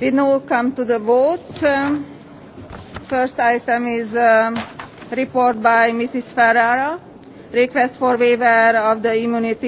we now come to the votes. Um, first item is a um, report by mrs ferrara request for waiver of the immunity